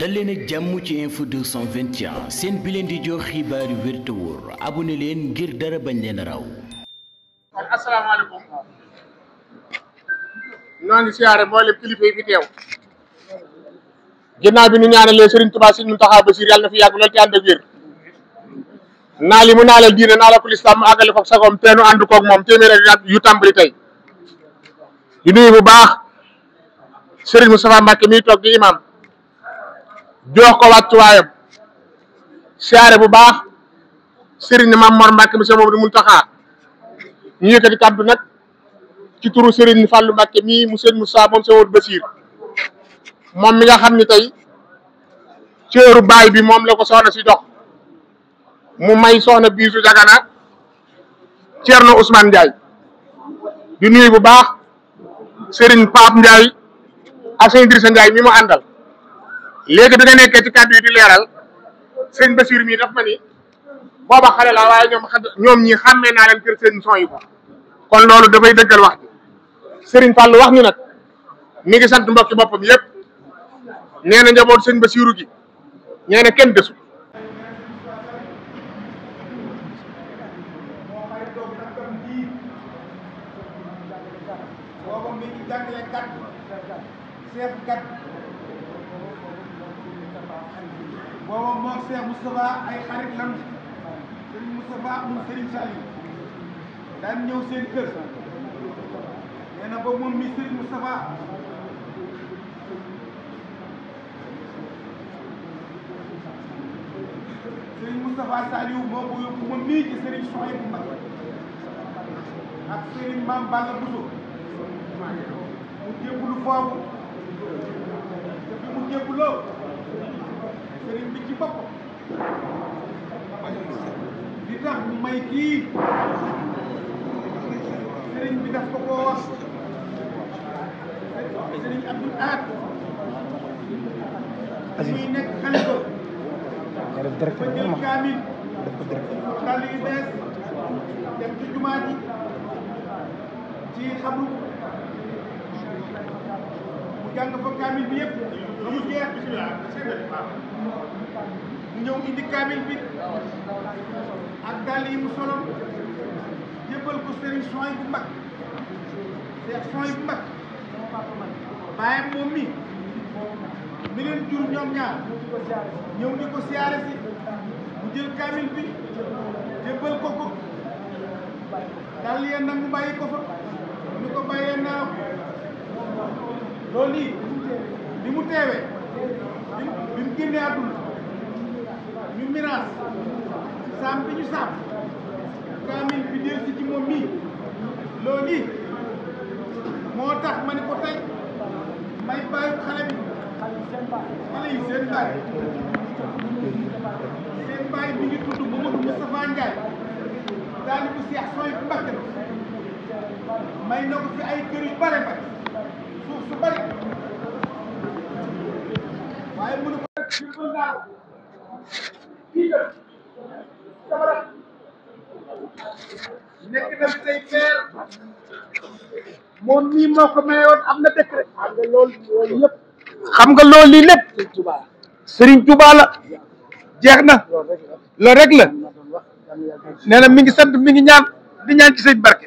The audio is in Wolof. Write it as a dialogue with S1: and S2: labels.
S1: dal leen ak jàmm ci seen bi leen di jox xibaar yu wér te wóor abonné leen ngir dara bañ leen raw.
S2: asalaamaaleykum. noo ngi siyaare mboolem kilifa yi fi teew. ginnaaw bi nu ñaanalee Serigne Touba Serigne Mountakha Bassir yàlla na fi yàgg lool te ànd naa li mu naalal diine naa la ko lislaam mu àggale ko sagoom te nu ànd koog moom téeméer ak yu tàmbali tey. di nuyu bu baax Serigne Moustapha Mbacke mi toog di imam. jox ko wàccuwaayam siyaare bu baax Serigne Mame Mor Mbacke monsieur Mamadou Mountakha ñu yëkkati nag ci turu Serigne Fallou Mbacke mii mu Serigne Moussa moom Serigne Modou moom mi nga xam ni tey cëru baay bi moom la ko soxna si jox mu may soxna biisu jagana na Ousmane Ndiaye di nuyu bu baax Serigne Pape Ndiaye ak Serigne Idrissa mi mu àndal léegi bi nga nekkee ci kàddu yi di leeral sëñ Basiir mii daf ma ni booba xale la waaye ñoom xam ñi xàmmee naa leen kër seen son ko kon loolu dafay dëggal wax ji Serigne Fall wax ñu nag mi ngi sant mbokki boppam yëpp nee na njaboot sëñ Basiiru gi nee kenn desu
S1: booba moog Cheikh Moustapha ay xarit lan Serigne Moustapha moom Serigne Saliou daan ñëw seen kër nee na ba moom mi Serigne Moustapha Serigne Moustapha Saliou moo ko yóbbu moom mii ci Serigne Souhaïbou Mbacké ak Serigne Mame Balla Bousso mu jébbalu foofu te bi mu jébbaloo mooy kii sëriñ bi daf ko ko wax sëriñ Abdul Ahad dañuy nekk xalifa ba jël kaamil daal di bees dem ci jumaa ji ci xabru mu jàng fa kaamil bi yëpp ba mu jeex bismillah ñëw indi kaamil bi ak dàll yi mu solo jébbal ko sëriñ soin bu mag seex soin bu mag bàyyam moom mi mi leen jur ñoom ñaar ñëw ni ko siyaare si mu jël kaamil bi jébbal ko ko dàll yee nag mu bàyyi ko fa ñu ko bàyyee naa loolu yi li mu teewee bi mu génnee àdduna miraas saam saam kaamil bi si ci moom mii moo tax ma ko tey may bàyyi xale bi xale yi seen baay seen baay ngi tudd Mamadou Moustapha Ndiaye daal di ko seex sooy bu may na fi ay kër bare ba su bare waaye mënu ko rek nekk na fi tey maire moom mii moo ko mayoon am na décret xam xam nga lool lii lépp Serigne Touba
S2: Serigne Touba la jeex na loolu rek la
S1: nee na mi ngi sant mi ngi ñaan di ñaan ci sëñ barke